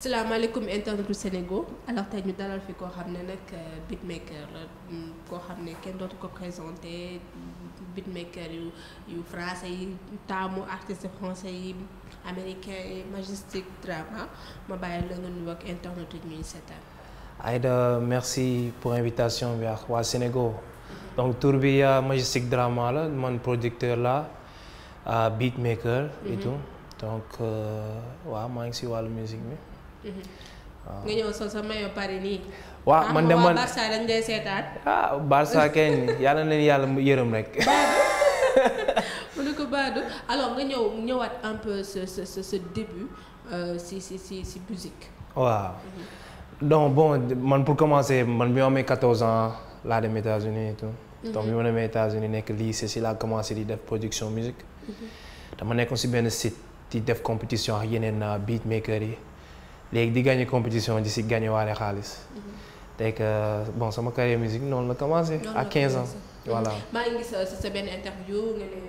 salaamaaleykum internetu Sénégal alors tey ñu dalal fi koo xam ne nag euh, beatmaker la mm, koo xam ne kenn dootu ko présenté beatmaker yu yu français yi taamu artiste français yi américain yi Majestic Drama ma bàyyi la nga nuyu ak internet yi ñuy seetaan. Aïda merci pour invitation bi ak waa Sénégal donc tour bi euh, Drama la man producteur la euh, beatmaker et mhm. donc waaw maa ngi si wàllu musique mi nga ñëw sol sa maillot Paris nii. waaw ah, man de man Barça dañ lay seetaan. ah Barça kenn yàlla na leen yàlla yërëm rek. mu ne ko Badou alors nga ñëw ñëwaat un peu euh, si si musique. waaw mm-hmm. donc bon man pour commencer man bi ma amee 14 ans laa dem États-Unis et mm-hmm. donc bi ma demee États-Unis nekk lii si laa commencé di def production musique. Mm-hmm. dama nekkoon si benn sit di def compétition ak yeneen uh, beatmaker yi. léegi di gagné compétition di si gagné waale xaalis. Mhm. tey que bon sama carrière musique noonu la commencé. ak quinze ans mhm. voilà. maa ngi gis si euh, sa benn interview nga ne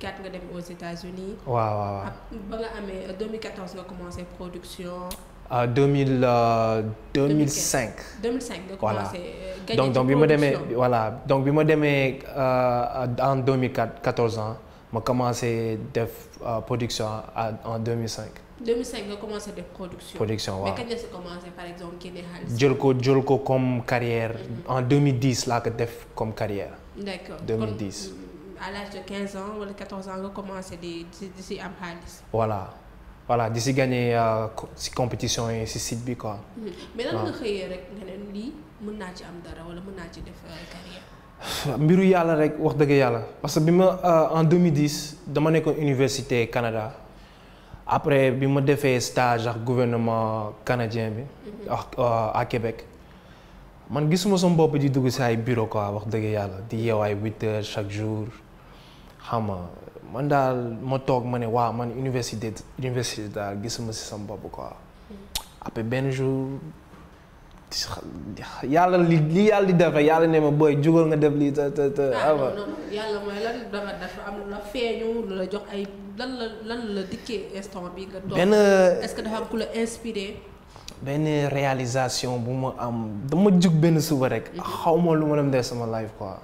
2004 nga dem aux États-Unis waaw waaw ah, ba nga amee euh, nga commencé production. ah 2000 2005. 2005 nga commencé. Euh, gagné donc donc bi ma demee voilà donc bi ma demee en 2004 14 ans ma commencé def production en cinq 2005 nga commencé def production. production waaw mais kañ la si commencé par exemple génne xaalis. jël ko jël ko comme carrière. Mm-hmm. en 2010 laa ko def comme carrière. d'accord de ans wala commencé di si am voilà. voilà di si gagné euh, si compétition yi si site bi quoi. Mm-hmm. mais lan nga xëyee rek nga ne lii mën naa ci am dara wala mën naa ci def euh, carrière. mbiru yàlla rek wax dëgg yàlla parce que bi ma euh, en 2010 dama nekkoon université Canada. après bi ma defee stage ak gouvernement canadien bi. Mhm. ak euh, à Québec. man gisuma sama bopp di dugg si ay bureau quoi wax dëgg yàlla di yeew ay huit heures chaque jour xam man daal ma toog ma ne waa man université université daal gisuma si sama bopp quoi. Mhm. après benn jour. yàlla li li yàlla di def yàlla ne ma booy jugal nga def lii te te te. ah non non yàlla mooy lan danga def am lu la feeñu lu la jox ay. lan la lan la dikkee instant bi nga toog benn ku la inspiré. benn réalisation bu ma am dama jug benn suba rek. Mhm. xaw ma lu ma dem def sama life quoi.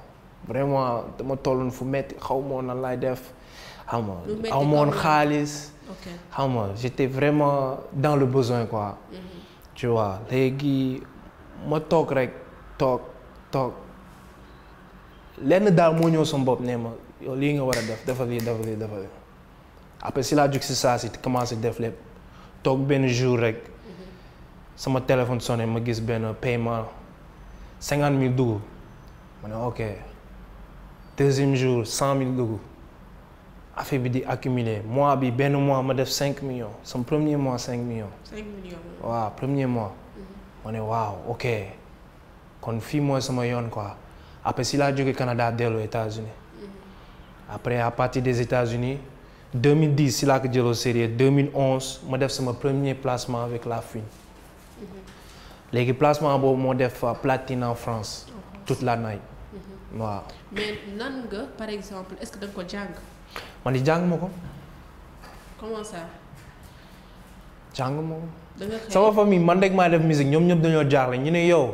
vraiment dama tolloon fu metti xaw ma woon lan laay def xam nga. aw ma xaalis. xam nga j'étais vraiment dans le besoin quoi. Mhm. tu vois léegi ma toog rek toog toog lenn daal moo ñëw sa bopp nee ma yow lii nga war a def defal lii defal lii defal lii après si laa jug si saa si commencé def lépp toog benn jour rek sama téléphone sonné ma gis benn paiement cinquante mille dugg ma ne ok deuxième jour cent mille dugg affaire bi di accumuler mois bi benn mois ma def cinq millions sama premier mois cinq millions. cinq millions waaw premier mois. Mhm. ma ne waaw ok kon fii mooy sama yoon quoi après si laa jógee Canada dellu États-Unis mhm. après à partir des états 2010 si laa ko jëloo sérieux 2011 ma def sama premier placement avec la FUN mhm. léegi placement boobu moo def euh, platine en France tout la night mhm. waaw mais nan nga par exemple est-ce que da ko jàng man di jàng ma ko comment ça jàng ma ko sama famille man rek maa def musique ñoom ñëpp dañoo jaaxle ñu ne yow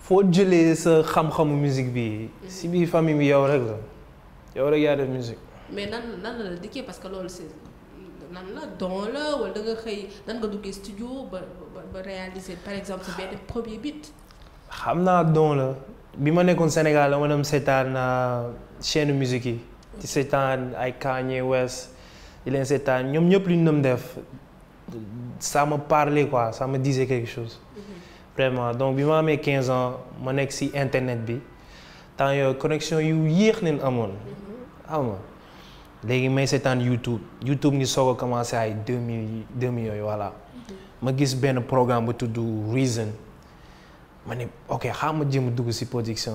foo jëlee sa xam-xamu musique bi mhm. si biir famille bi yow rek la yow rek yaa def musique mais nan nan la la dikkee parce que loolu c'est nan la don la wala da nga xëy nan nga duggee studio ba ba réaliser par exemple sa benn premier beat. xam naa don la bi ma nekkoon Sénégal dama dem seetaan euh, chaîne musique yi. ci seetaan ay Kanye West di leen seetaan ñoom ñëpp lu ñu doon def ça me parlait quoi ça me disait chose. Mm-hmm. vraiment donc bi ma amee 15 ans ma nekk si internet bi temps yooyu connexion yu yéex nañ amoon. Mm-hmm. xam nga léegi may seetaan YouTube YouTube ngi soo a commencé ay deux mille deux mille yooyu voilà ma gis benn programme bu tuddu Reason ma ne ok xaaral ma jéem dugg si production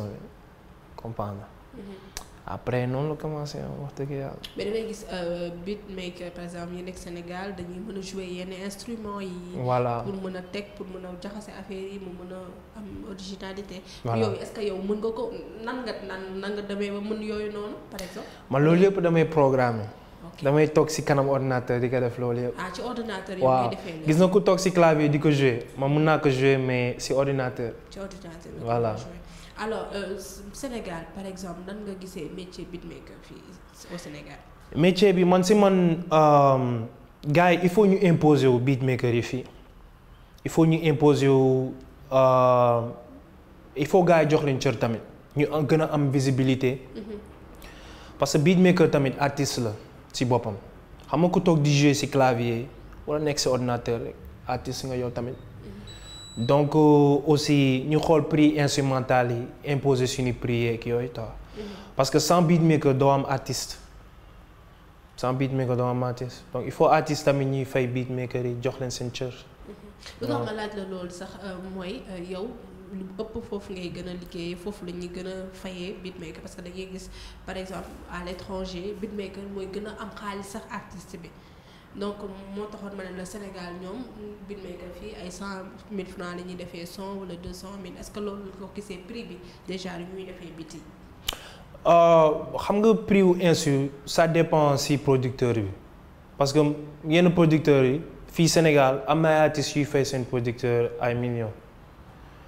bi après noonu la commencé wax dëgg yàlla. mais da ngay gis beatmaker par exemple yi nekk Sénégal dañuy mën a jouer yenn instruments yi. voilà pour mën um, a teg pour mën a jaxase affaire yi mu mën a am originalité. voilà yow est-ce mën nga ko nan nga nan nan mën yooyu noonu par exemple. man loolu yëpp damay programme damay toog si kanam ordinateur di ko def loolu yëpp. ah ci ordinateur yi ngay defee gis na ko toog si clavier di ko jouer man mën naa ko jouer mais si ordinateur. ci ordinateur voilà. alors euh, Sénégal par exemple nan nga gisee métier beatmaker fii au Sénégal. métier bi man si man euh, gars yi il faut ñu imposer wu beatmaker yi fii il faut ñu imposer wu euh, il faut gars jox leen cër tamit ñu gën a am visibilité. Mhm. parce que beatmaker tamit artiste la si boppam xam nga ku toog di jouer si clavier wala nekk si ordinateur rek artiste nga yow tamit. donc euh, aussi ñu xool prix instrumental yi imposé suñu prix yeeg yooyu quoi. Mhm. parce que san sans beatmaker doo am artiste. sans beatmaker doo am artiste donc il faut artiste tamit ñuy fay beatmaker yi jox leen seen cër. Mhm. lu tax ma laaj la loolu sax euh, mooy euh, yow lu ëpp foofu ngay gën a liggéeyee foofu la ñuy gën a fayee beatmaker parce que da ngay gis par exemple à l'étranger beatmaker mooy gën a am xaalis sax artiste bi. donc moo taxoon ma ne la Sénégal ñoom beatmaker fii ay cent mille francs la ñuy defee son wala deux cent mille est-ce que loolu ko gisee prix bi déjà li ñuy defee biti euh, xam nga prix wu sa ça dépend si producteur bi parce que yenn producteurs yi fii Sénégal am na ay artistes yuy fay seen producteur ay millions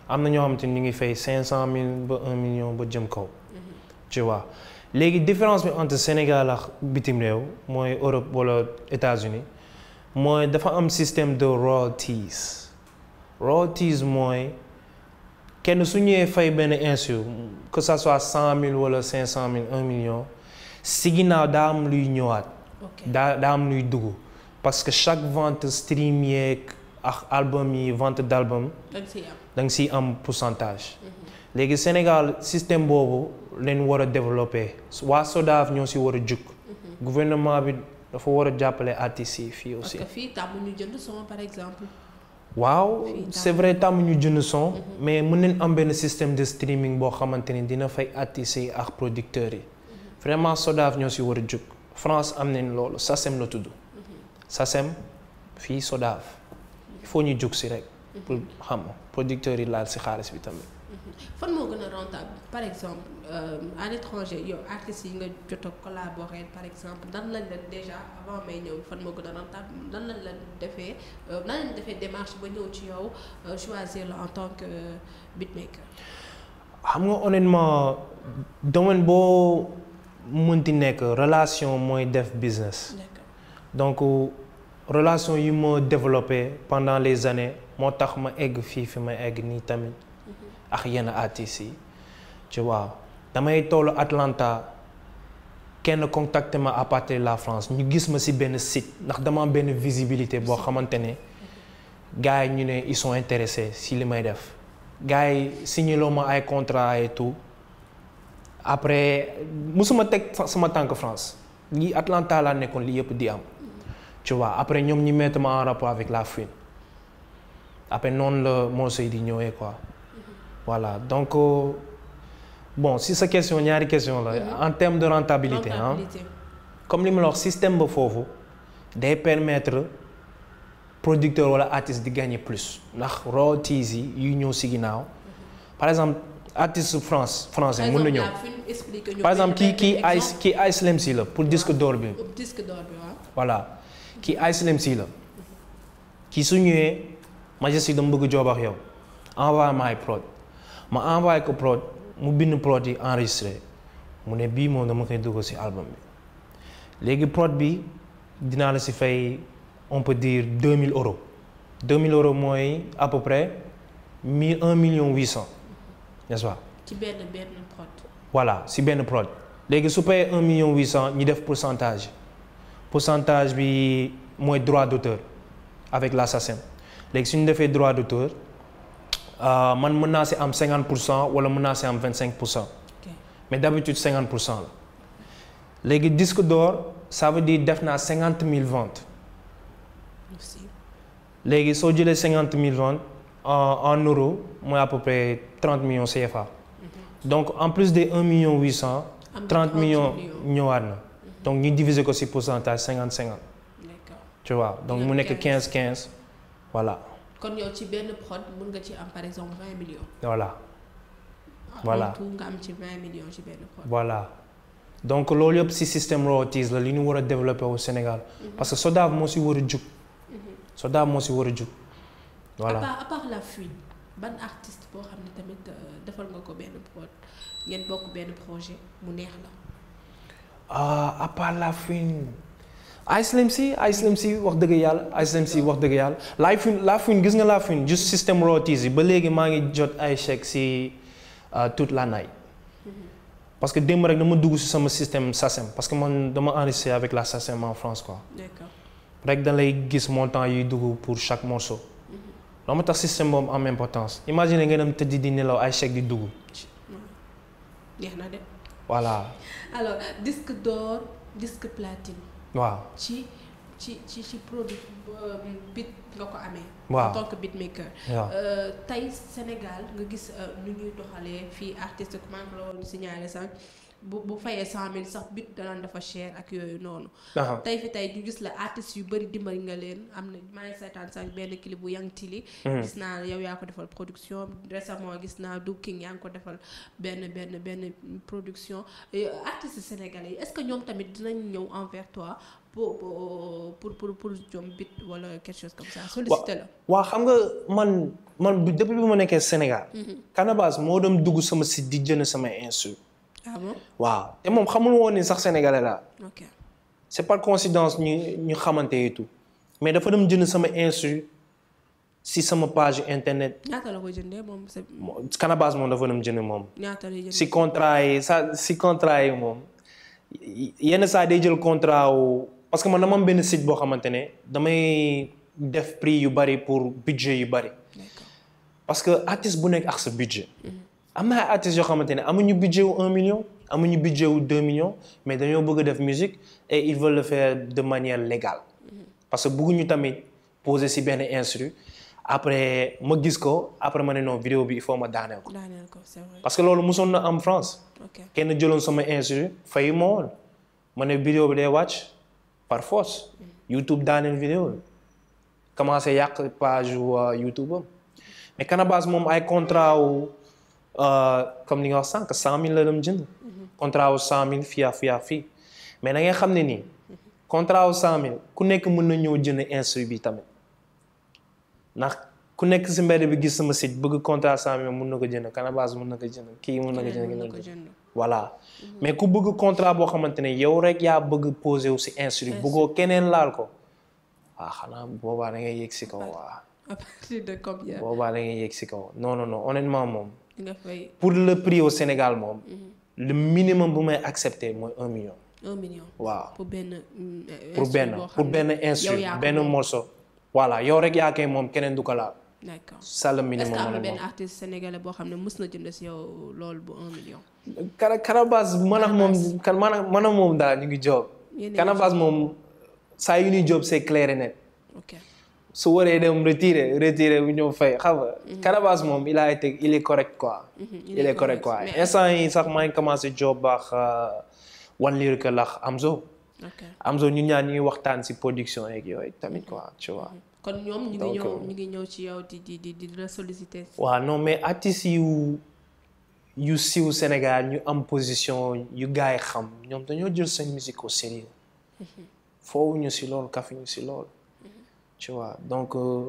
am na ñoo xam te ñu ngi fay cinq cent mille ba un million ba jëm kaw mm-hmm. tu vois léegi différence bi entre Sénégal ak bitim réew mooy Europe wala États-Unis mooy dafa am système de royalties royalties mooy kenn su ñëwee fay benn insu que ça soit cent mille wala cinq cent mille un million si ginnaaw daa luy ñëwaat. daa daa am luy dugg parce que chaque vente stream yeeg ak album yi vente d' album. da nga siy am pourcentage. Mhm. léegi Sénégal système boobu leen war a développé waa SODAV ñoo si war a jug. Mhm. gouvernement bi dafa war a jàppale artistes yi fii aussi. parce fii tàmm ñu son par exemple. waaw c'est vrai tàmm ñu jënd son. Mhm. mais mën nañ am benn système de streaming boo xamante ni dina fay artistes yi ak producteurs yi. Mhm. vraiment SODAV ñoo si war a jug France am nañ loolu sem la tudd. SACEM fii SODAV foo ñu jug si rek. pour xam producteurs yi laal si xaalis bi tamit. Mhm. fan moo gën a rentable par exemple euh, à l'étranger yow artistes yi nga jot a par exemple nan lañ leen déjà avant may ñëw fan moo gën a rentable nan lañ leen defee euh, nan lañ defee démarche ba ñëw ci yow euh, choisir la en tant que beatmaker. xam nga honnêtement domaine boo mënti nekk relation mooy def business. donc relation yi moo développé pendant les années moo tax ma egg fii fi ma egg nii tamit. ak yenn artistes yi tu vois damay toll Atlanta kenn contacté ma à partir la France ñu gis ma ci benn site ndax dama benn visibilité boo xamante ne gars yi ñu ne ils sont intéressés li may def gars yi signé ma ay contrat et tout après suma teg suma tànk France lii Atlanta laa nekkoon lii yëpp di am tu vois après ñoom ñu mettre en rapport avec la fuite après noonu la morceau yi di ñëwee quoi voilà donc euh, bon si sa question ñaari question la mhm. en terme de rentabilité ah comme li ma la wax système ba foofu day permettre producteur wala artiste di gagner plus ndax royalties yi yu ñëw si ginnaaw mhm. par exemple artiste France français mën na ñëw par exemple kii kii Ice kii Ice Lemsi la pour disque ah, d'or bi ah. voilà kii mhm. Ice Lemsi la kii su ñëwee Majesty dama bëgg joob yow envoie my prod ma envoyé ko prod mu bind prod yi enregistré mu ne bii moom dama koy dugal si album bi léegi prod bi dinaa la ci fay on peut dire deux mille euros deux mille euros mooy à peu près mille un million huit cent n'est-ce pas. ci benn benn prod. voilà ci benn prod léegi su payee un million huit cent ñu def pourcentage pourcentage bi mooy droit d'auteur avec l'assassin léegi su ñu defee droit d'auteur Euh, man mën naa si am 50 pour cent wala mën naa si am 25 pour cent mais d'habitude 50 pour cent la léegi disque d'or ça veut dire def naa 50 000 ventes léegi soo jëlee 50 mille ventes en en euro mooy à peu million 30 millions CFA donc en plus des 1 million 800. 30 ah, millions ñëwaat na. Mhm. donc ñu diviser ko si pour cent 50. tu vois donc mu nekk quinze quinze voilà. kon yow ci benn prod mun nga ci am par exemple vingt millions. voilà. Ah, voilà tout nga am ci vingt millions ci voilà donc loolu yëpp si système royalties la li ñu war a développer au Sénégal. Mhm. parce que SODAV moo si war a jug. Mhm. SODAV moo si war a jug. voilà à part ban artiste boo xam ne tamit euh, defal nga ko benn prod ngeen bokk benn projet mu neex la. ah à part ISLMC ISLMC wax dëgg yàlla ISLMC wax dëgg yàlla Lafouine Lafouine gis nga Lafouine juste système royalties yi ba léegi maa ngi jot ay chèques si euh, toute la night mm-hmm. parce que démb rek dama dugg si sama système SACEM parce que man dama enregistré avec la SACEM en France quoi. d'accord rek da lay gis montant yuy dugg pour chaque morceau. Mm-hmm. loolu moo tax système boobu am importance imagine nga dem tëdd di nelaw ay chèques di dugg. Mm-hmm. jeex na de. voilà. alors disque d'or disque platine. waaw ci ci ci ci produit euh, bit nga ko amee. waaw en bit que beatmaker. waaw euh, tey Sénégal nga gis euh, nu ñuy doxalee fii artiste ku maa ngi la woon signalé bu bu fayee cent mille sax bit danaan dafa cher ak yooyu noonu. tey fi tey ñu gis la artistes yu bëri dimbali nga leen am na maa ngi seetaan sax benn clip bu yang tili. Mhm. gis naa yow yaa ko defal production récemment gis naa du king yaa ngi ko defal benn benn benn production artistes sénégal yi est-ce que ñoom tamit dinañ ñëw envers toi pour pour pour pour bit wala quelque chose comme ça. sollicité la waaw xam nga man man depuis bi ma nekkee Sénégal. Mhm. Canabasse moo dem dugg sama site di jënd samay instru ah waaw te moom xamul woon ni sax sénégalais la ok c'est par coïncidence ñu ñu xamante et tout mais dafa dem jënd sama instru si sama page internet. ñaata la ko jëndee moom Canabasse moom dafa dem jënd moom. ñaata lay si contrat yi sa si contrat yi moom yenn saa day jël contrat wu parce que man dama am benn site boo xamante ne damay def prix yu bari pour budget yu bari. parce que artiste bu nekk ak sa budget. Mm-hmm. am naa ay artistes yoo xamante ne amuñu budget wu un million amuñu budget wu deux millions mais dañoo bëgg def musique et ils veulent le faire de manière légale mm-hmm. parce que bëgguñu tamit poser si benn instru après ma gis ko après ma ne non vidéo bi il faut ma daaneel ko. daaneel parce que loolu mosoon na am France. kenn jëloon sama instru fayu ma woon ma ne vidéo bi day wàcc par force. Mm-hmm. YouTube daaneel vidéo bi commencé yàq page wu euh, YouTube mais Canabasse moom ay contrat comme li nga wax sànq cent mille la doon jënd. contrat wu cent mille fii ak fii mais na nga xam ne nii. contrat wu cent ku nekk mën na ñëw jën instru bi tamit ndax ku nekk si mbedd bi gis sama site bëgg contrat cent mille mën na ko jënd Canabasse mun na ko jën kii mën na ko jënd mën na ko jënd. voilà mais ku bëgg contrat boo xamante ne yow rek yaa bëgg posé wu si instru bëggoo keneen laal ko waaw ah, xanaa boobaa da ngay yegg si kaw waa à partir de combien boobaa da ngay yegg si kaw non non non moom. pour le prix au Sénégal moom. le minimum bu may accepté mooy un million. un million waaw pour benn. Euh, pour benn pour benn instru benn morceau. voilà yow rek yaa moom keneen du ko laal. d'accord ça le minimum. est benn artiste sénégalais boo xam ne mës na jënd si yow loolu bu un million. Kara Karabas man ak moom kan man ak moom daal ñu ngi job Karabas moom saa yu ñuy job c'est clair net. su waree dem retiré retiré bu ñëw fay xam nga. Canabasse moom il a été il est correct quoi. il est correct quoi instant yi sax maa ngi commencé job baax wan uh, liir que lax Amzo. Amzo ñu ñaan ñuy waxtaan si production yeeg yooyu tamit quoi tu vois. ñoom ñu ngi ñëw ngi ñëw ci yow di di di di la solliciter. waaw non mais artistes yu yu siiw Sénégal ñu am position yu gars yi xam ñoom dañoo jël seen musique au sérieux. Mhm. foofu ñu si loolu kafuñu si lool tu donc euh,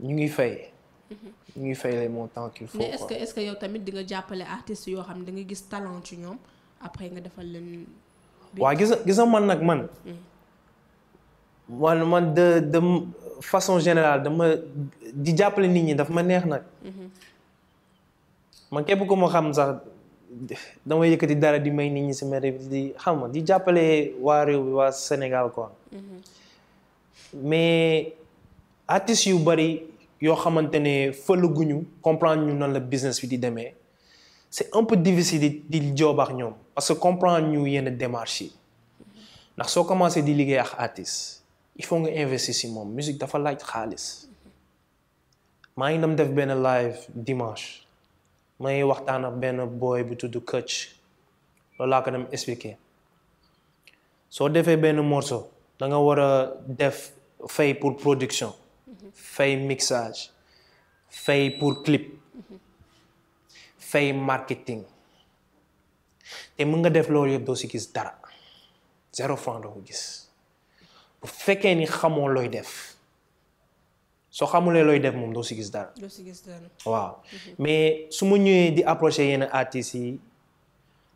ñu ngi fay. Mhm. ñu ngi fay les montants qu'il faut. mais est-ce que est-ce que yow tamit dinga jàppale artistes yoo xam ne da nga gis talent ci ñoom après nga defal leen. waaw gis gis man nag man. Mhm. man man de façon générale dama di jàppale nit ñi daf ma neex nag. Mhm. man képp ku ma xam sax dama yëkkati dara di may nit ñi sama réew di xam nga di jàppale waa réew bi waa Sénégal quoi. mais artistes yu bari yoo xamante ne fëlaguñu comprendre ñu nan la business bi di demee c'est un peu difficile di di joobaax ñoom parce que comprendre ñu yenn démarche yi ndax soo commencé di liggéey ak artiste il faut nga investir si moom musique dafa laaj xaalis maa ngi nam def benn live dimanche maa ngi waxtaan ak benn boy bu tudd Kutch loolu laa ko dem expliquer soo defee benn morceau. da nga war a def fay pour production fay mixage fay pour clip fay marketing te mën nga def loolu yëpp doo si gis dara zéro franc doo ko gis bu fekkee ni xamoo looy def soo xamulee looy def moom doo si gis dara. waaw mais su ma ñëwee di approché yenn artistes yi.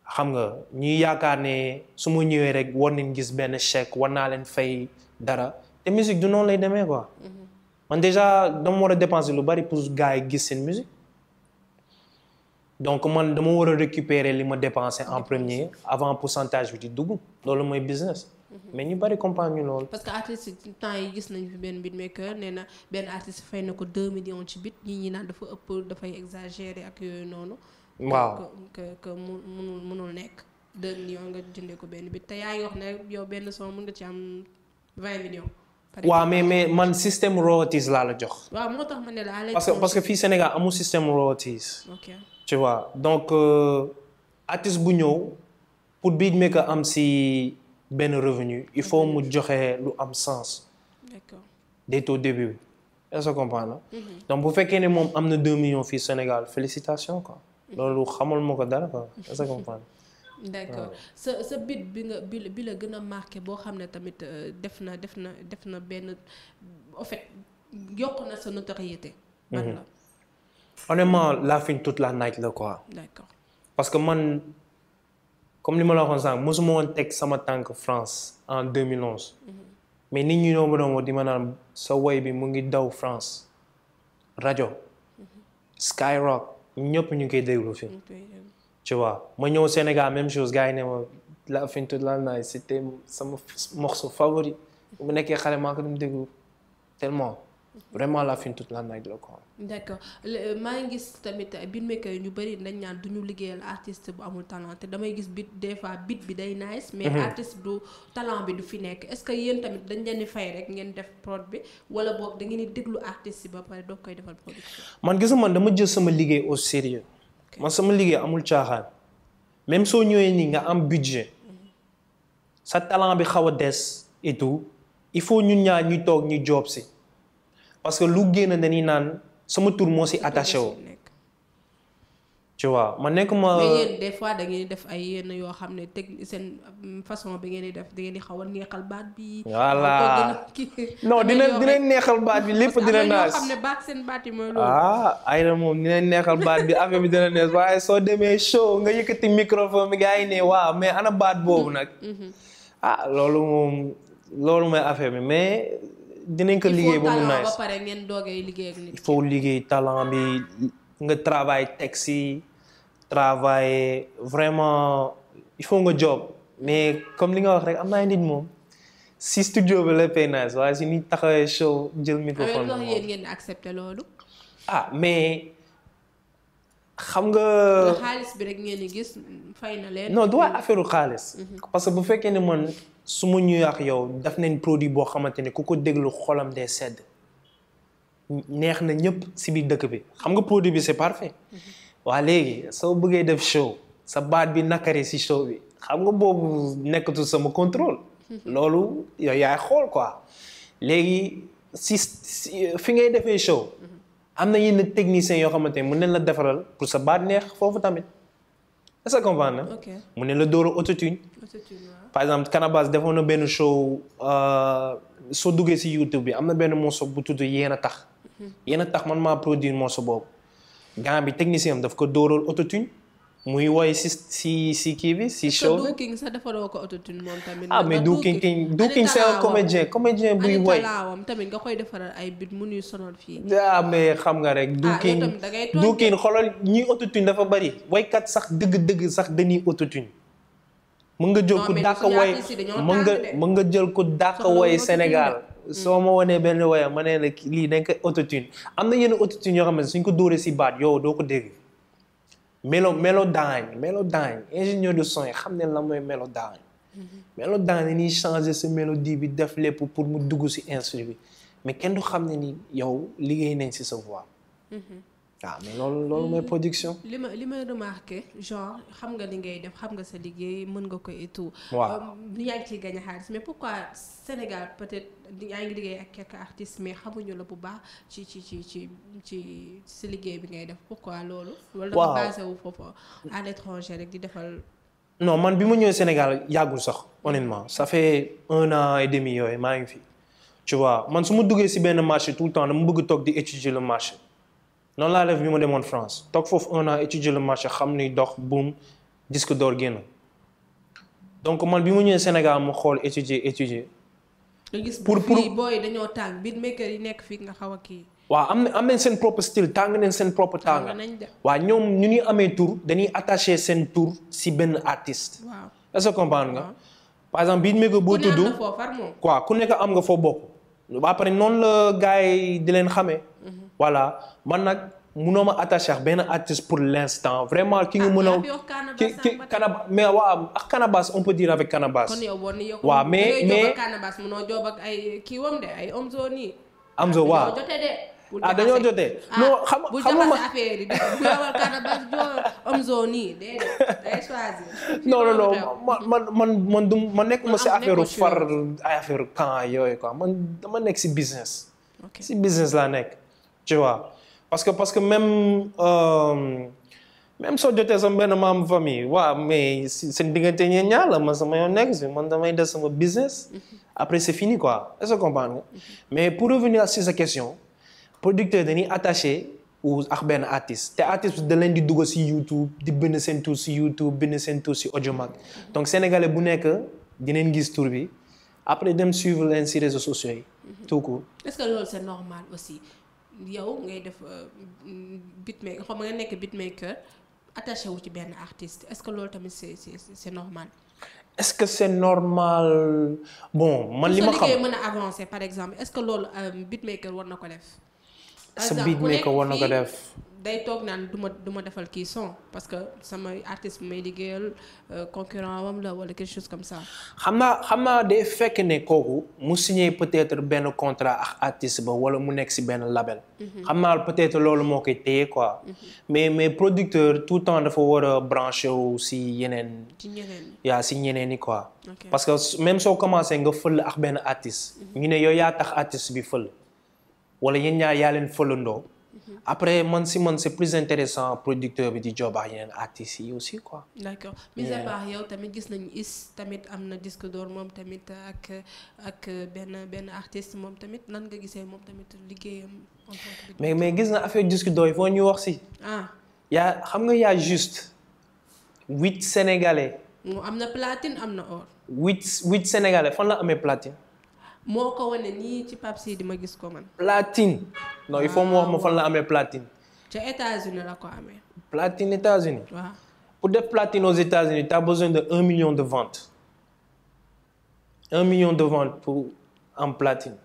xam nga ñuy yaakaar ne su ma ñëwee rek war nañ gis benn check war naa leen fay dara te musique du noonu lay demee quoi. Mm-hmm. man déjà dama war a dépenser lu bari pour gars yi gis seen musique donc man dama war a récupérer li ma dépensé en premier avant pourcentage bi di dugg loolu mooy business. Mm-hmm. mais ñu bari comprendre ñu loolu. parce que artiste temps yi gis nañu fi benn beatmaker nee na benn artiste fay na ko 2 millions ci bit ñi ñi naan dafa ëpp dafay exagérer ak yooyu noonu. waaw que mu munul munul nekk 2 millions nga jëndee ko benn bit te yaa ngi wax ne yow benn son mun nga ci am 20 millions. waaw mais mais man système royalties laa la jox. waaw moo tax ma ne la parce que parce que fii Sénégal amul système royalties. ok tu vois donc euh, artiste bu ñëw pour biir mi ko am si benn revenu il faut mu joxe lu am sens. d'accord dès début. est-ce que comprendre mm-hmm. donc bu fekkee ne moom am na deux millions fii Sénégal félicitations quoi. loolu xamul ma ko dara quoi est sa sa bit bi nga bi la gën a marqué boo xam ne tamit euh, def na def na def na benn en fait yokk na sa notoriété ban mhm. la honnêtement laughing toute la night la quoi d'accord que man comme li ma la waxoon sànq mosuma woon teg sama tànk France en 2011 mhm. mais nit ñi ñoo ma di ma naan sa woy bi mu ngi daw France rajo mhm. Skyrock ñëpp ñu ngi koy déglu fii. tu vois ma ñëw Sénégal même chose gars yi ne ma la fin de la night c'était sama morceau favori bu nekkee xale maa ko doon déglu tellement. vraiment la fin toute la night la quoi. d' accord euh, maa ngi gis tamit euh, beatmaker ñu bëri dañ ñaan du liggéeyal artiste bu amul talent te damay gis bit des fois bit bi day nice. mais mhm. artiste du talent bi du fi nekk est ce que yéen tamit dañ leen di fay rek ngeen def prod bi wala boog da ngeen di déglu artiste bi ba pare doo koy defal production. man gis man dama jël sama liggéey au sérieux man sama liggéey amul caaxaan même soo ñëwee nii nga am budget mhm. sa talent bi xaw a des et il faut ñun ñaar ñu toog ñu job si. parce que lu génn dañuy naan sama tur moo si attaché wu. tu vois ma nekk ma. mais fois da ngeen def ay yenn yoo xam ne teg seen euh, façon bi ngeen di def da ngeen di xaw a neexal baat bi. voilà non dina dina neexal baat bi lépp dina naas. xam ne baat seen baat yi mooy loolu. ah Aïda moom dina neexal baat bi affaire bi dina neex waaye soo demee show nga yëkkati microphone bi gars yi ne waaw mais ana baat boobu nag. Mm-hmm. ah loolu moom loolu mooy affaire bi mais. dinañ ko liggéey ba mu nice ngeen doogee liggéey ak il faut liggéey talent bi nga travail taxi travail vraiment il faut nga job mais comme li nga wax rek am naa nit moom si studio bi la pay nice waaye si ni taxawee show jël microphone bi moom yéen ngeen accepté loolu ah mais xam nga. xaalis bi rek ngeen di gis fay na leen. non du affaire xaalis. Mhm. parce que bu fekkee ne man. su ma ñëwee ak yow daf nañ produit boo xamante ne ku ko déglu xolam de sedd neex na ñëpp si biir dëkk bi xam nga produit bi c'est parfait waa léegi soo bëggee def show sa baat bi nakari si show bi xam nga boobu nekkatu sama contrôle loolu yow yaay xool quoi léegi si fi ngay defee show mm-hmm. am na yenn technicien yoo xamante ne mën nañ la defaral pour sa baat neex foofu tamit est-ce que mu ne la dóora autotune. par exemple Canabasse defoon na benn show euh, soo duggee si YouTube bi am na benn morceau bu tudd yéen a tax. Mhm. yéen a tax man maa produire morceau boobu. gant bi technicien am ko dóoral autotune. muy woy si si si kii bi si show bi. Duuking sax defaroo ko autotune moom tamit. ah mais Duuking King Duuking c'est un comédien comédien buy woy. tamit nga koy defaral ay bit mu nuy fii. Ah, xam nga rek. Ah, Duuking Duuking xoolal ñuy autotune dafa bari. woykat sax dëgg-dëgg sax dañuy autotune. mën nga jël ko dàq woy mën nga mën nga jël ko dàq woy Sénégal. soo ma wanee benn woyam ma ne kii lii dañ ko autotune am na yenn autotune yoo xam ne suñ ko dóoree si baat yow doo ko dégg. melo melo mélo melo Melodyne ingénieur de son yi xam ne la mooy melo Melodyne. Mhm. Melodyne dañuy changer sa mélodie bi def lépp pour mu dugg si instru bi mais kenn du xam ne ni yow liggéey nañ si sa voix. Mhm. waaw ah, mais loolu loolu mooy hmm. production. li ma li ma remarqué genre xam nga li ngay def xam nga sa liggéey mën nga ko et tout. waaw euh, yaa ngi ciy xaalis mais pourquoi Sénégal peut-être yaa ngi liggéey ak quelques artistes mais xamuñu la bu baax ci ci ci ci ci si liggéey bi ngay def quoi loolu. wala nga basé wu foofu à l'étranger rek di defal. no man bi ma ñëwee Sénégal yàggul sax honnêtement ça fait un an et demi yooyu maa ngi fi. tu man su ma duggee si benn marché tout le temps dama bëgg toog di étudier le marché. noonu laa def bi ma demoon France toog foofu un an étudier le marché xam ni dox buum disque d'or génn donc man bi mu ñëwee Sénégal mu xool étudier étudier. pour pour fii booy dañoo tàng beatmaker yi nekk fii nga xaw a kii. waaw am na am seen propre style tàng ne seen propre tàng. waa ñoom ñu ñuy amee tour dañuy attaché seen tour si benn artiste. waaw est-ce que comprendre nga. par exemple beatmaker boo tudd. ku nekk ku nekk am nga foo bokk. ba pare noonu la gars di leen xamee. Mhm. voilà. man nag munoo ma attaché ak benn artiste pour l'instant vraiment ki nga ah, mën a ki oh, ki ah, Canaba mais waaw ak Canabas on peut dire avec Canabas. waaw mais mais Canabas munoo joob ak ay kii wam de ay Omzo nii. Omzo ah, waaw ah dañoo jotee non xam man man man man du ma si affaire far ay affaire camp yooyu quoi man dama nekk si business. si business laa nekk tu parce que parce que même euh, même soo jotee sama benn maam famille waaw mais seen diggante ñeen ñaar la ma sama yoon nekk si man damay def sama business. Mhm. après c'est fini quoi est-ce que mhm. mais pour revenir sur sa question producteur dañuy attaché ou ak benn artiste te artiste da leen di dugg si YouTube di bind seen tur si YouTube bind seen tur si Audiomack mhm. donc sénégalais bu nekk dinañ gis tur bi après dem suivre leen si réseaux sociaux yi. tout court. est-ce que loolu c'est aussi. yow ngay def euh, beatmaker xam nga nekk beatmaker attaché wu ci benn artiste est-ce que loolu tamit c'est c'est normal. est-ce que c'est normal bon man li ma xam soo mën a avancer par exemple est-ce que loolu euh, beatmaker war na ko def. sa beatmaker war na ko def. day toog naan du ma du ma defal kii son parce que sama artiste may liggéeyal euh, concurrent wam la wala quelque chose comme ça. xam naa xam naa day fekk ne kooku mu signé peut-être benn contrat ak artiste ba wala mu nekk si benn label. Mhm. xam naa peut-être loolu moo koy téye quoi. Mhm. mais mais producteur tout le temps dafa war a branché wu si yeneen. ci ñeneen yaa si ñeneen yi quoi. parce que même soo commencé nga fël ak benn artiste. Mhm. ñu ne yow yaa tax artiste bi fël. wala yéen ñaar yaa leen fëlandoo. après man si man si plus intéressant producteur bi di job ak yeneen artistes yi aussi ko d'accord mis à tamit gis nañu is tamit am na disque door moom tamit ak ak benn benn artiste moom tamit nan nga gisee moom tamit liggéeyam. mais mais gis na affaire disque d'or il faut ñu wax si. ah yaa xam nga yaa juste huit sénégalais. am na platine am na or. huit huit sénégalais fan la amee platine. moo ko wane nii ci Pape di ma gis ko man. platine. non il faut fan la amee platine. ca États-Unis la ko amee. platine états de un million de ventes un million de ventes pou am platine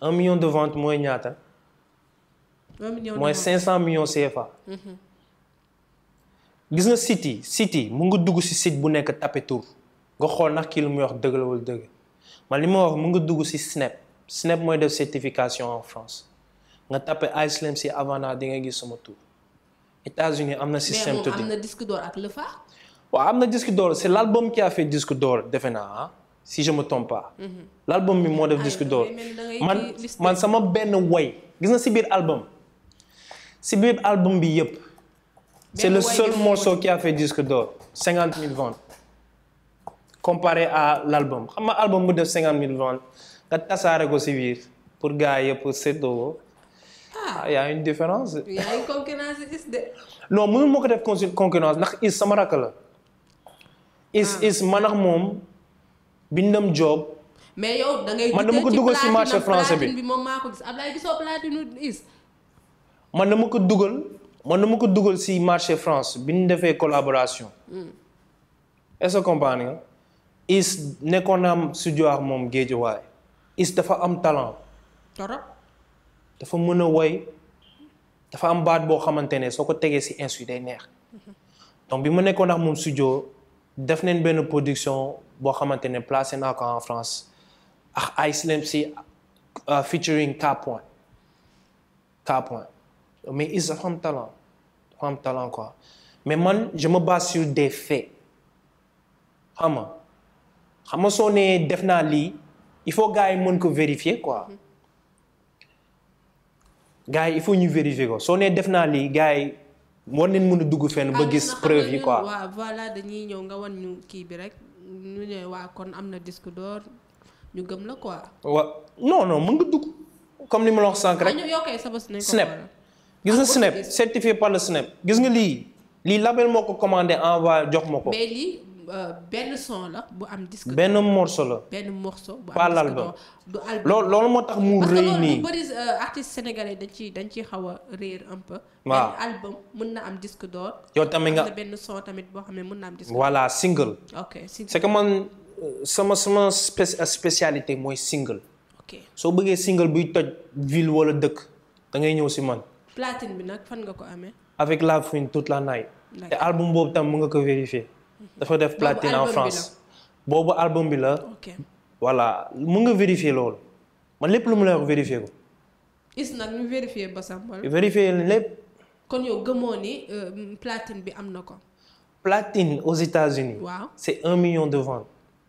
un million de ventes mooy ñaata. un mooy cinq cent millions CFA. Mhm. gis nga site yi site yi mu ngi dugg si sit bu nekk tapé tour nga xool ndax kii lu muy wax dëgg la man li ma wax mu ngi dugg si snap snap mooy def certification en France. nga tapé Islam si Havana di nga gis sama tur États-Unis am na système tuddi mais moom am na disque d'or na disque d'or c'est l'album ki a fait disque d'or defe naa si je me trompe pas. Mhm. l'album bi moo def disque d'or man man sama benn way gis na si biir album si biir album bi yëpp. c'est le seul morceau qui a fait disque d'or cinquante mille ventes comparé l'album xam nga album bu def cinquante mille nga tasaare ko si pour gars yëpp séddoo ah y' a une différence. y' a une concurrence is de. non mënul moo ko def concurrence ndax is sama rakk la. is ah. is man ak moom bindam job. mais yow da ngay. man dama ko dugal si marché français bi moom maa ko gis Ablaye gisoo platine is. man dama ko dugal man dama ko dugal si marché France bi ñu defee collaboration. Hmm. est-ce que comprendre nga is nekkoon na am studio ak moom géejuwaay is dafa am talent. torop. dafa mën a woy dafa am baat boo xamante ne soo ko tegee si instru day neex donc bi ma nekkoon ak moom studio def neen benn production boo xamante ne placé naa ko en France ak Ice MC euh, featuring K Point K Point mais Iss dafa am talent dafa am talent quoi mais man je me sur des faits xama nga xam nga soo nee def naa lii il faut gars yi mën ko vérifier quoi. gars yi il faut ñu vérifier ko soo nee def naa lii gars yi war nañ mën a dugg fenn ba ah, gis preuve yi quoi. waaw voilà dañuy ñëw nga wan ñu kii bi rek ñu ne waa kon am na disque door ñu gëm la quoi. wa non non mën nga dugg comme li ma la wax sànq rek. Ah, snap gis nga ah, snap certifié par le snap gis nga lii lii label moo ko commandé envoyé jox ma ko. mais Euh, benn son la bu am disque. benn morceau benn morceau. bu am disque d'or loolu moo tax mu rëy nii parce que loolu bëri euh, artistes sénégalais dañ ciy dañ ciy xaw a réer un peu. mën na am disque d'or. yow tamit nga benn son tamit boo xam ne mën na am disque d'or. voilà single. ok single c'est euh, sama sama spécialité mooy single. soo bëggee single buy toj ville wala dëkk da ngay ñëw si man. platine bi nag fan nga ko amee. avec la fouine toute la night. te album boobu tam mën nga ko vérifier. dafa def platine en France boobu album bi la. voilà mun nga vérifier loolu man lépp lu mu lay wax vérifier ko. is nag ñu vérifier basam wala. vérifier lépp. kon yow gëmoo ni euh, platine bi am na ko. platine aux États-Unis waaw c'est un million de ventes.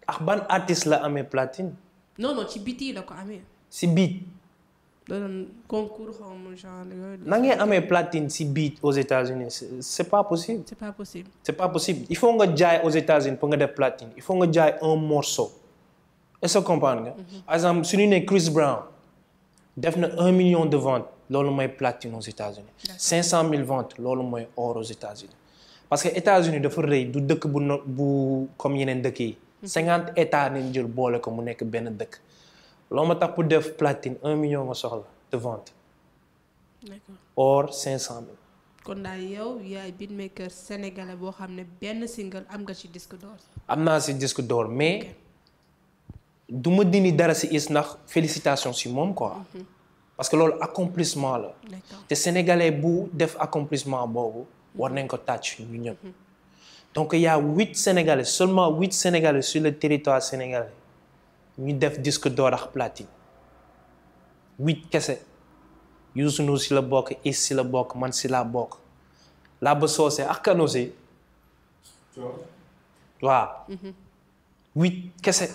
ak ban artiste la amee platine. non non ci biti la ko amee. si biit. da doon concours xaw ma na ngeen amee platine si bii aux États-Unis c' est pas possible. il faut nga jaay aux États-Unis pour nga def platine il faut nga jaay un morceau est-ce que comprendre nga. Mhm. par exemple su ñu nee Chris Brown def na un million de ventes loolu mooy platine aux États-Unis cinq cent mille ventes loolu mooy or aux États-Unis parce que États-Unis dafa rëy du dëkk bu no bu comme yeneen dëkk yi. Mhm. cinquante états nañ jël boole ko mu nekk benn dëkk. loo ma tax pour def platine un million nga soxla de vente. or cinq cent mille. kon daal yow yaay beatmaker sénégalais boo xam ne benn single am nga ci disque d'or. am naa ci disque d'or mais du ma dindi dara ci is ndax félicitation ci moom quoi. Mhm. parce que loolu accomplissement la. te sénégalais bu def accomplissement boobu war nañ ko tàcc ñu ñëpp. Mhm. donc il y a huit sénégalais seulement huit sénégalais sur le territoire sénégalais. ñu def disque d'or ak platine huit kese Youssou Ndour si la bokk Is si la bokk man si la bokk Laba Soose ak Kanose waaw huit kese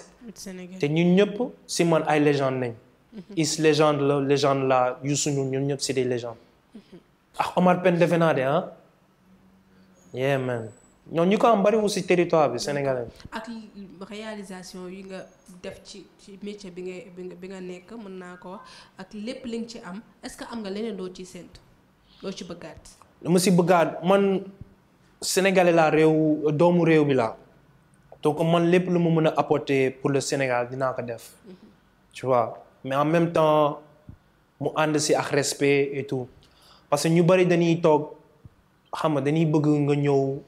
te ñu ñëpp si man ay légende nañ Is légende la légende la Youssou Ndour ñun ñëpp si des légendes mhm. ak Omar Pène defe naa de ah yeah man ñoom ñu ko am bariwul si territoire bi sénégalais ak réalisation yi nga def ci ci métier bi nga bi nga nekk mën naa ko ak lépp li nga ci am est-ce que am nga leneen loo ci séntu loo ci bëggaat. lu ma si bëggaat man sénégalais laa réew doomu réew bi laa donc man lépp lu mu mën a apporter pour le Sénégal dinaa ko def. Mm-hmm. tu vois mais en même temps mu ànd si ak respect et tout parce que ñu bari dañuy toog xam nga dañuy bëgg nga ñëw.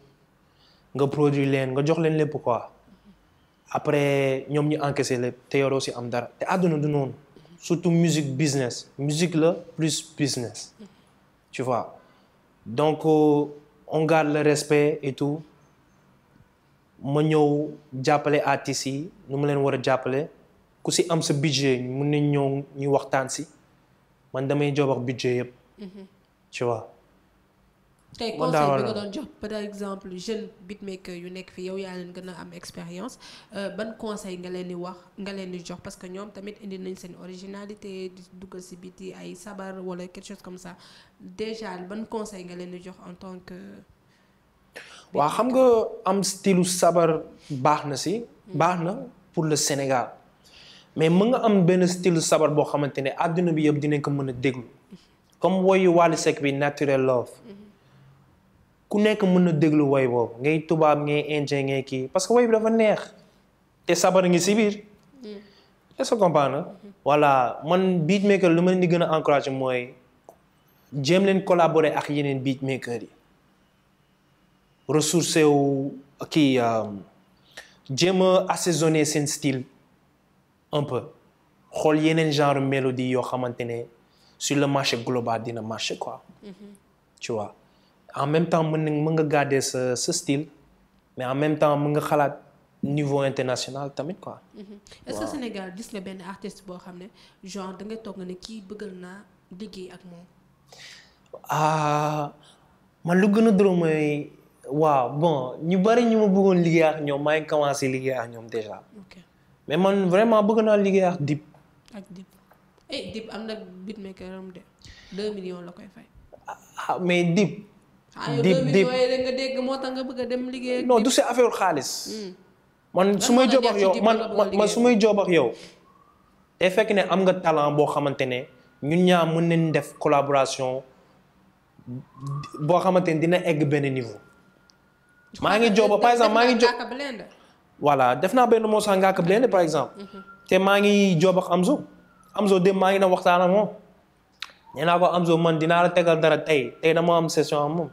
nga produit leen nga jox leen lépp ko après ñoom ñu encaissé lépp te yoroo si am dara te àdduna du noonu surtout musique business musique la plus business tu vois donc euh, on garde le respect et ma ñëw jàppale artistes yi nu mu leen war a jàppale ku si am sa budget mun nañ ñëw ñu waxtaan si man damay jobax budget yëpp mm-hmm. tu tey conseil bi nga doon jox par exemple jeune beatmaker yu nekk fii yow yaa leen gën a am expérience euh, ban conseil nga leen di wax nga leen di jox parce que ñoom tamit indi nañ seen originalité di duggal si biti ay sabar wala quelque chose comme ça déjà ban conseil nga leen di jox en tant que waaw xam nga am stylu sabar baax na si hmm. baax na pour le Sénégal mais mën nga am benn stylu sabar boo xamante ne àdduna bi yëpp dinañ ko mën a déglu hmm. comme woyu Wally Seck bi Natural ku nekk mën na déglu woy boobu ngay tubaab ngay indien ngay kii parce que woy bi dafa neex te sabar a ngi si biir est-ce que comprendre mm-hmm. voilà man lu ma leen di gën a encouragé mooy jéem leen collaborer ak yeneen beatmaker yi ressourcé wu kii euh, jéem a assaisonner seen style un peu xool yeneen genre mélodie yoo xamante ne sur le marché global dina marché quoi mm-hmm. tu en même temps mën nañ mën nga garder sa sa style mais en même temps mu nga xalaat niveau international tamit quoi. Mhm. est Sénégal gis nga benn artiste boo xam ne genre da nga toog ne kii bëgga naa liggéey ak moom. ah man lu gën a doro mooy waaw bon ñu bari ñu ma bëggoon liggéey ak ñoom maa ngi commencé liggéey ak ñoom déjà. mais man vraiment bëgg naa liggéey ak Dip. ak Dip eh Dip am na beatmaker am de 2 millions la koy fay. Ah, ah, mais Dip. di di nga dégg moo tax nga bëgg a dem liggéey. non du si affaire xaalis. man su may joob ak yow su may joob yow. te fekk ne am nga talent boo xamante ne ñun ñaa mën nañ def collaboration boo xamante ne dina egg benn niveau. maa ngi jooba par exemple maa ngi jo voilà def naa benn Moussa Ngaka par exemple. Mhm. maa ngi joob ak Amzo. Amzo dem maa ngi na waxtaan ak moom. nee naa ko Amzo man dinaa la tegal dara tey tey dama am session ak moom.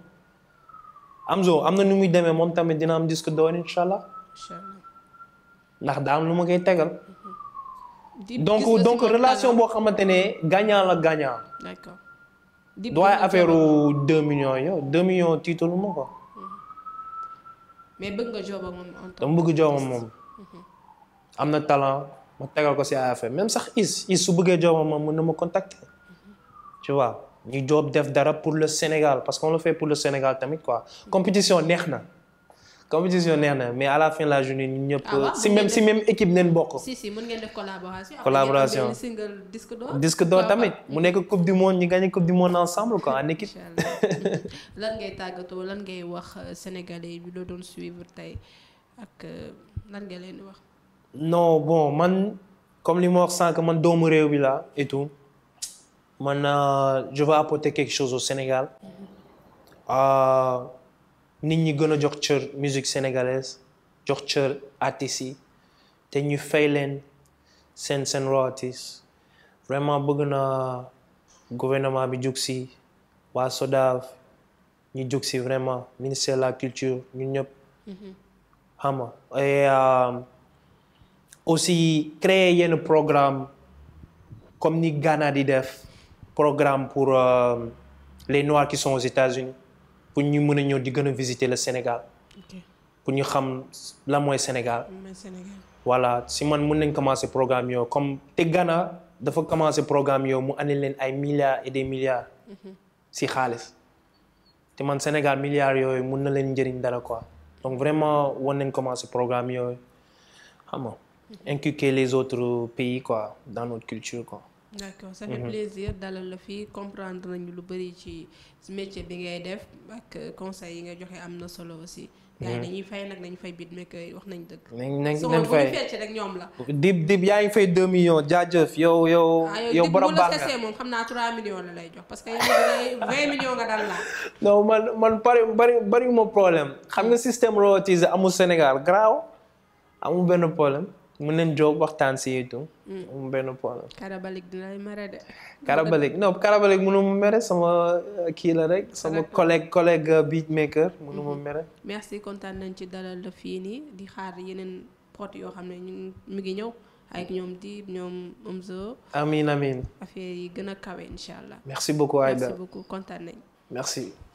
Amzo am na nu muy demee moom tamit dina am disque d'or incha allah. ndax daa am lu ma koy tegal. donc donc relation boo xamante ne gagnant la gagnant. d'accord affaire u 2 millions yow 2 millions tiitalu ma ko. Mm-hmm. mais bëgg nga joobam moom dama mm-hmm. am na talent ma tegal ko si affaire même sax is is su bëggee joobam moom mën na ma contacter mm-hmm. ñu joob def dara pour le Sénégal parce que le fait pour le Sénégal tamit quoi compétition neex na compétition neex na mais à la fin la journée ñu ñëpp. Ah si même si même équipe neen bokk. si si mën ngeen def collaboration. collaboration disque d'or. tamit mu nekk coupe du monde ñu gagné coupe du monde ensemble quoi en équipe. lan ngay tàggatoo lan ngay wax euh, sénégalais bi la doon suivre tey ak euh, lan nga leen di wax. non bon man comme li ma wax sànq man doomu réew bi la et man euh, je veux apporter quelque chose au Sénégal mm-hmm. euh, nit ñi gën a jox cër musique sénégalaise jox cër artistes te ñu fay leen seen seen royalties vraiment bëgg na gouvernement bi jug si waa SODAV ñu jug si vraiment ministère de la culture ñun ñëpp mm-hmm. xama euh, aussi créer yenn programme comme ni Ghana di def programme pour euh, les noirs qui sont aux États-Unis pour ñu mën a ñëw di gën a visiter la Sénégal. Okay. pour ñu xam la mooy Sénégal. voilà si man mën nañ commencer programme yooyu comme te gana dafa commencer programme yooyu mu andi leen ay milliards et des milliards. Mhm. si xaalis te man Sénégal milliards yooyu mun na leen njëriñ dara quoi donc vraiment wan nañ commencer programme yooyu xam nga mhm. inculquer les autres pays quoi dans notre culture quoi. d'accord ça fait mhm. plaisir dalal la fii comprendre nañu lu bëri ci métier bi ngay def ak conseil yi nga joxe am na solo aussi. Mhm. gars nag nañu fay bit mais wax nañ dëgg. nañ nañ fay fecc rek ñoom la. dib yaa ngi fay 2 millions jaajëf yow yow. Ah, yow borom baax nga moom xam naa 3 millions la lay jox parce que yow 20 millions nga dal laa. non man man bari bari bari ma problème xam nga système robotisé amul Sénégal garaaw amul benn problème. mën nañ jóg waxtaan si itam. Mm. mu benn point la. karabalik dina la mere de. karabalik non karabalik mënu mu mere sama euh, kii la rek. sama collègue collègue euh, beatmaker mënu mu mm-hmm. mere. merci kontaan nañ ci dalal la fii nii di xaar yeneen pot yoo xam ne ñu mi ngi ñëw ak ñoom Dip ñoom Omzo. amiin amiin affaire yi gën a kawe incha allah. merci beaucoup Aïda merci kontaan merci.